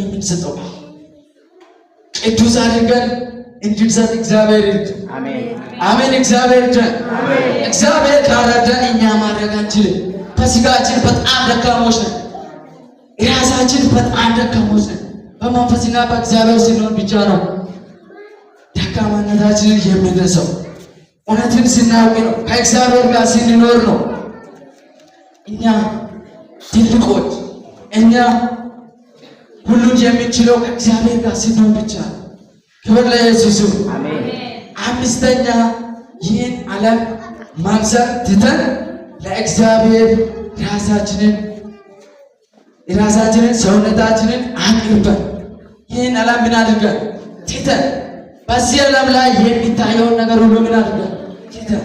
የምንሰጠው ቅዱስ አድርገን እንድንሰጥ እግዚአብሔር ይርዳ። አሜን። እግዚአብሔር ይርዳ። እግዚአብሔር ካልረዳን እኛ ማድረግ አንችልም። በስጋችን በጣም ደካሞች ነን። ራሳችን በጣም ደካሞች ነን። በመንፈስና በእግዚአብሔር ስንሆን ብቻ ነው ደካማነታችን የምንረሳው። እውነትን ስናውቅ ነው። ከእግዚአብሔር ጋር ስንኖር ነው እኛ ትልቆች እኛ ሁሉን የምንችለው ከእግዚአብሔር ጋር ሲሆን ብቻ። ክብር ለኢየሱስ። አምስተኛ ይህን ዓለም ማምሰል ትተን ለእግዚአብሔር ራሳችንን የራሳችንን ሰውነታችንን አቅርበን ይህን ዓለም ምን አድርገን ትተን በዚህ ዓለም ላይ የሚታየውን ነገር ሁሉ ምን አድርገን ትተን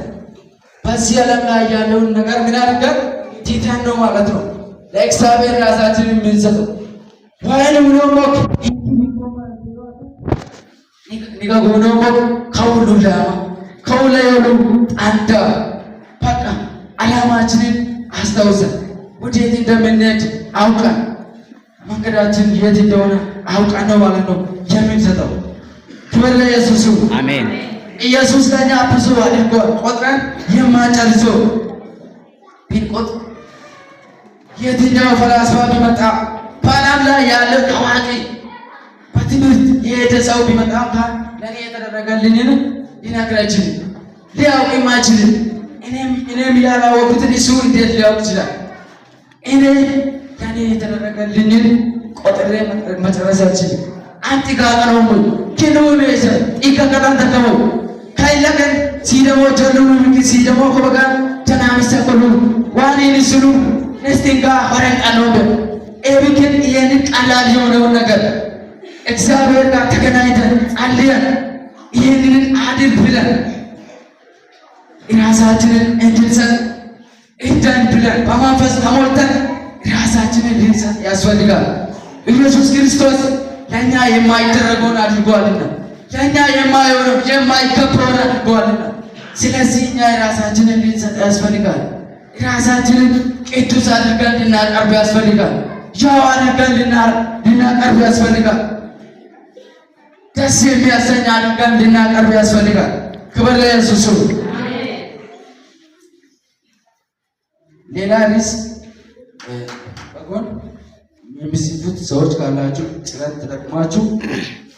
በዚህ ዓለም ላይ ያለውን ነገር ምን አድርገን ትተን ነው ማለት ነው ለእግዚአብሔር ራሳችንን የምንሰጠው። ከሁሉ አንዳ በቃ አላማችንን አስታውሰን ወዴት እንደምንሄድ አውቀን መንገዳችን የት እንደሆነ አውቀን ነው ማለት ነው የምንሰጠው። ክብር ለኢየሱስ አሜን። ኢየሱስ ለእኛ ብዙ አድርጎ ቆጥረን የማንጨርሰው ቢንቆጥ የትኛው ፈላስፋ ቢመጣ ፓናም ላይ ያለ ታዋቂ በትምህርት የሄደ ሰው ቢመጣ እንኳን ለእኔ የተደረገልንን ሊነግር አይችልም፣ ሊያውቅም እኔም ያላወቁትን እሱ እንዴት ሊያውቅ ይችላል? እኔ ለእኔ የተደረገልንን ቆጥሬ መጨረስ አልችልም። አንድ ጋቀረሙ ኬኖሜ ኢጋቀጣን ተከመው ከይለቀን ሲደሞ ጀሉ ሲደሞ ኮበጋ ተናሚሰ ቆሉ ዋኔን ስሉ ነስቲንጋ ሆረን ኤሪክን ይሄንን ቀላል የሆነውን ነገር እግዚአብሔር ጋር ተገናኝተን ጸልየን ይህንን አድል ብለን ራሳችንን እንድንሰጥ እደን ብለን በመንፈስ ተሞልተን ራሳችንን ልንሰጥ ያስፈልጋል። ኢየሱስ ክርስቶስ ለእኛ የማይደረገውን አድርጓልና ለእኛ የማይሆነው የማይከብረውን አድርጓልና፣ ስለዚህ እኛ የራሳችንን ልንሰጥ ያስፈልጋል። ራሳችንን ቅዱስ አድርገን ልናቀርብ ያስፈልጋል። የዋነ ቀን ልናቀርብ ያስፈልጋል። ደስ የሚያሰኝ አድርገን ልናቀርብ ያስፈልጋል። ክብር ለኢየሱስ። ሌላ ሪስ በጎን የሚስቱት ሰዎች ካላችሁ ጭረት ተጠቅማችሁ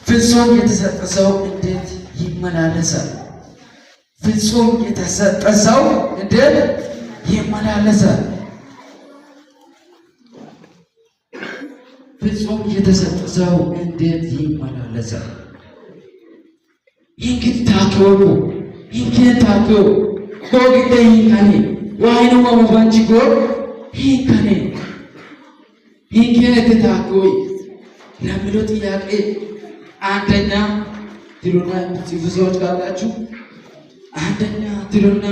ፍጹም የተሰጠ ሰው እንዴት ይመላለሳል? ፍጹም የተሰጠ ሰው እንዴት ይመላለሳል? ፍጹም የተሰጠ ሰው እንዴት ይመላለሳል? ይህን ታከቡ ይህን ታከቡ ኮግደ ይንከኔ ዋይኑ ወመባንቺ ጎ ይንከኔ ይህን ትታከይ ለሚለው ጥያቄ አንደኛ ትሉና ጽፉ ሰዎች ካላችሁ አንደኛ ትሉና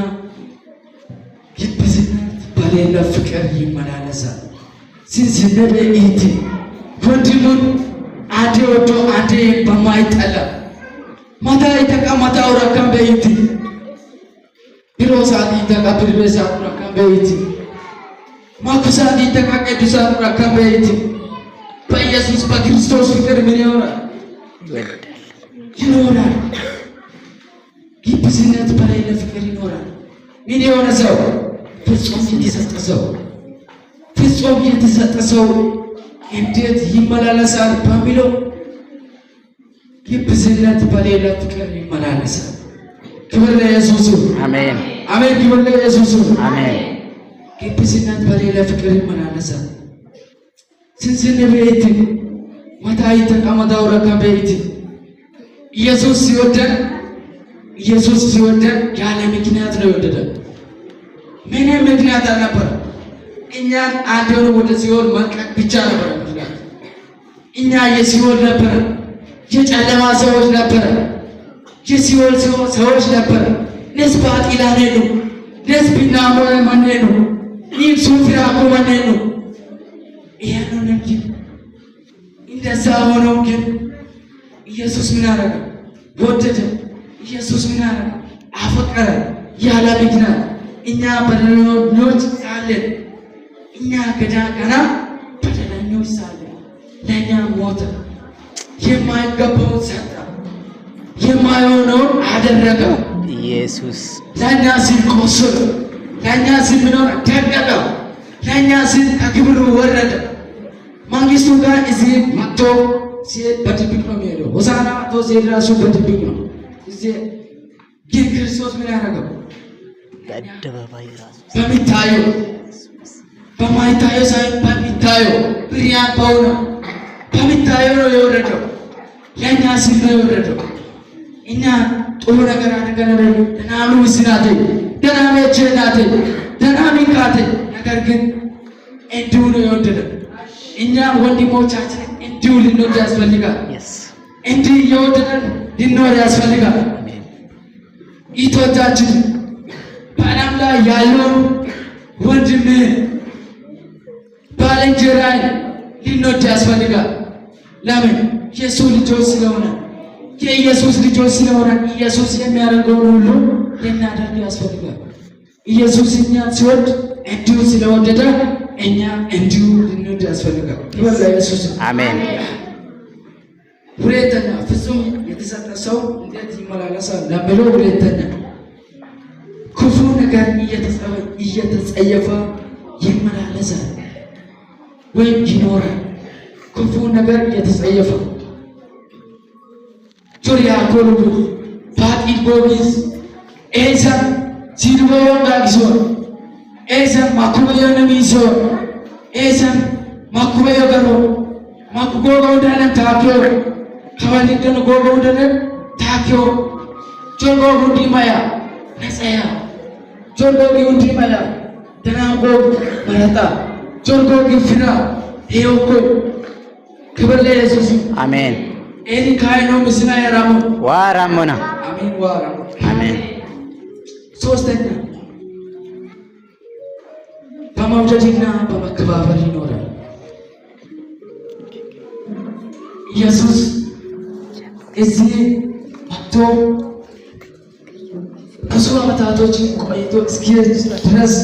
ግብዝነት በሌለ ፍቅር ይመላለሳል ሲስነበ ኢቲ ወንድሙን አዴ ወዶ አዴ በማይጠላ ማታ ይተቃ ማታ ውራከን በይቲ ቢሮ ሰዓት ይተቃ ፕሪቤ ሰዓት ውራከን በይቲ ማኩ ሰዓት ይተቃ ቅዱሳት ውራከን በይቲ በኢየሱስ በክርስቶስ ፍቅር ምን ይሆናል ይኖራል። ግብዝነት በላይ ፍቅር ይኖራል። ምን የሆነ ሰው ፍጹም የተሰጠ ሰው ፍጹም የተሰጠ ሰው እንዴት ይመላለሳል በሚለው ግብዝነት በሌለ ፍቅር ይመላለሳል። ክብር ለኢየሱስ አሜን፣ አሜን። ክብር ለኢየሱስ አሜን። ግብዝነት በሌለ ፍቅር ይመላለሳል። ስንስን ቤት መታይ ተቀመጠው ረካ ቤት ኢየሱስ ሲወደን ኢየሱስ ሲወደን ያለ ምክንያት ነው የወደደን። ምንም ምክንያት አልነበረ እኛን አንተን ወደ ሲኦል መልቀቅ ብቻ ነበረ ምክንያት። እኛ የሲኦል ነበረ፣ የጨለማ ሰዎች ነበረ፣ የሲኦል ሰዎች ነበረ። ነስ ባጢላኔ ነው ነስ ቢናሞነ መኔ ነው ይህ ሱፍራኮ መኔ ነው ይሄ ነው ነብይ። እንደዛ ሆነው ግን ኢየሱስ ምን አደረገ? ወደደ። ኢየሱስ ምን አደረገ? አፈቀረ ያለ ምክንያት እኛ በሌሎች ሳለን እኛ ገዳ ገና በደለኞች ሳለን ለእኛ ሞተ፣ የማይገባውን ሰጠ፣ የማይሆነውን አደረገ። ኢየሱስ ለእኛ ሲል ቆሰለ፣ ለእኛ ሲል ምኖር ደቀቀ፣ ለእኛ ሲል ከግብሩ ወረደ። መንግስቱ ጋር እዚህ መጥቶ ሲሄድ በድብቅ ነው የሚሄደው። ሆሳና መጥቶ ሲሄድ ራሱ በድብቅ ነው። እዚህ ግን ክርስቶስ ምን ያደረገው በሚታዩ በማይታየው ሳይሆን በሚታየው ብሪያባው ነው። በሚታየው ነው የወረደው፣ ለእኛ ሲል ነው የወረደው። እኛ ጥሩ ነገር አድርገን ወረዱ። ደናሉ ምስናቴ ደናሉ ችላቴ ደናሉ ነገር ግን እንዲሁ ነው የወደደው። እኛ ወንድሞቻችን እንዲሁ ልንወድ ያስፈልጋል። እንዲህ እየወደደን ልንኖር ያስፈልጋል። ኢቶቻችን በዓለም ላይ ያለውን ወንድም ባልንጀራን ልንወድ ያስፈልጋል። ለምን? የሱ ልጆች ስለሆነ የኢየሱስ ልጆች ስለሆነ ኢየሱስ የሚያደርገውን ሁሉ ልናደርግ ያስፈልጋል። ኢየሱስ እኛ ሲወድ እንዲሁ ስለወደደ እኛ እንዲሁ ልንወድ ያስፈልጋል። ይበዛ ኢየሱስ። አሜን። ሁለተኛ ፍጹም የተሰጠ ሰው እንዴት ይመላለሳል ለምለው፣ ሁለተኛ ክፉ ነገር እየተጸየፈ ይመላለሳል። ወይም ይኖራል። ክፉ ነገር የተጸየፈው ጁሪያ ኮልቡ ባጢ ጎቢዝ ኤሰን ሲድቦዮን ጋጊሶን ኤሰን ማኩበዮ ነሚሶን ኤሰን ማኩበዮ ገሮ ማኩ ጎገው ደነን ታኪዮ ከበሊገን ጎገው ደነን ታኪዮ ጆጎ ጉዲማያ ነጸያ ጆጎ ጉዲማያ ደናንጎ መረጣ ጆርጎ ግፍራ ይኸውኮ ክብር ለኢየሱስ አሜን። ኤኒ ካይኖ ምስና የራሞ ዋራሞና አሜን ዋራሞ አሜን። ሶስተኛ በመውደድና በመከባበር ይኖራል። ኢየሱስ እዚህ መጥቶ ብዙ ዓመታቶችን ቆይቶ እስኪ ድረስ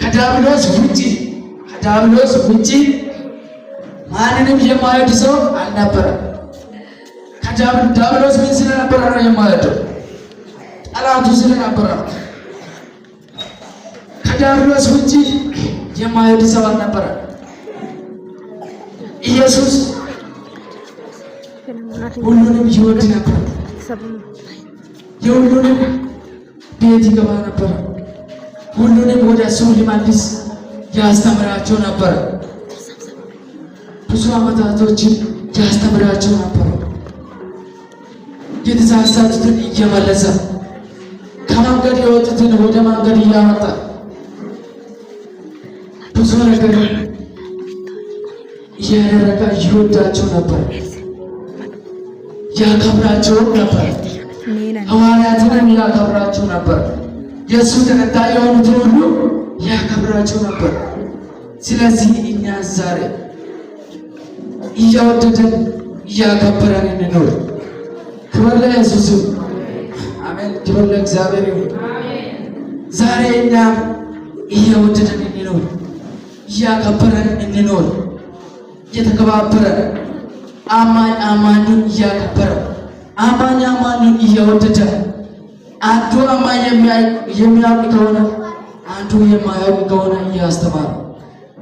ከዲያብሎስ ውጪ ከዲያብሎስ ውጪ ማንንም የማይወድ ሰው አልነበረም። ከዲያብሎስ ምን ስለነበረ ነው የማይወደው? ጠላቱ ስለነበረ ነው። ከዲያብሎስ ውጪ የማይወድ ሰው አልነበረም። ኢየሱስ ሁሉንም ይወድ ነበር። የሁሉንም ቤት ይገባ ነበር። ሁሉንም ወደ እሱ ሊመልስ ያስተምራቸው ነበር። ብዙ አመታቶችን ያስተምራቸው ነበር። የተሳሳቱትን እየመለሰ ከመንገድ የወጡትን ወደ መንገድ እያመጣ ብዙ ነገር እያደረገ ይወዳቸው ነበር፣ ያከብራቸውም ነበር። ሐዋርያትንም ያከብራቸው ነበር። የእሱ ተከታይ የሆኑትን ሁሉ ያከብራቸው ነበር። ስለዚህ እኛ ዛሬ እያወደደን እያከበረን እንኖር። ክብር ለኢየሱስም፣ አሜን። ክብር ለእግዚአብሔር ይሁን። ዛሬ እኛ እያወደደን እንኖር፣ እያከበረን እንኖር። እየተከባበረን አማኝ አማኙን እያከበረ አማኝ አማኙን እያወደደ አንዱ አማኝ የሚያውቅ ከሆነ አንዱ የማያውቅ ከሆነ እያስተማረ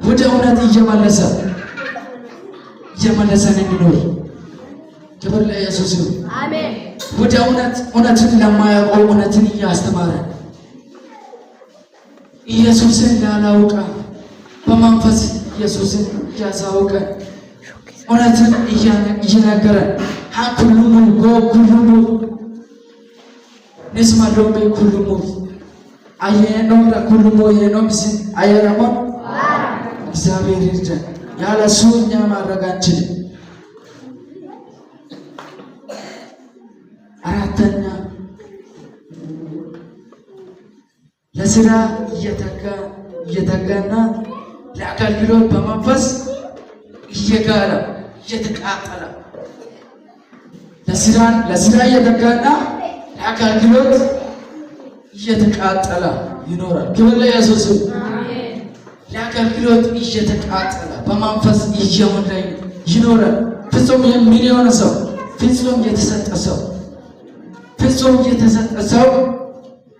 ወደ እውነት እየመለሰ እየመለሰን እንድኖር ክብር ለኢየሱስ ይሁን። አሜን። ወደ እውነት እውነትን ለማያውቀው እውነትን እያስተማረ ኢየሱስን ላላውቀ በመንፈስ ኢየሱስን እያሳወቀ እውነትን እየነገረን ሀ ኩሉሙ ጎ ኩሉሙ ንስማ ዶሜ ኩሉሙ አየነው ለኩልሞ የነው ቢስ አየነው እግዚአብሔር ይርዳን። ያለ እሱ እኛ ማድረግ አንችልም። አራተኛ ለስራ እየተጋ እየተጋና ለአገልግሎት በመንፈስ እየጋለ እየተቃጠለ ለስራ እየተጋና ለአገልግሎት እየተቃጠለ ይኖራል። ክብር ለኢየሱስ። ለአገልግሎት እየተቃጠለ በመንፈስ እየሞላ ይኖራል። ፍጹም የሚል የሆነ ሰው፣ ፍጹም የተሰጠ ሰው፣ ፍጹም የተሰጠ ሰው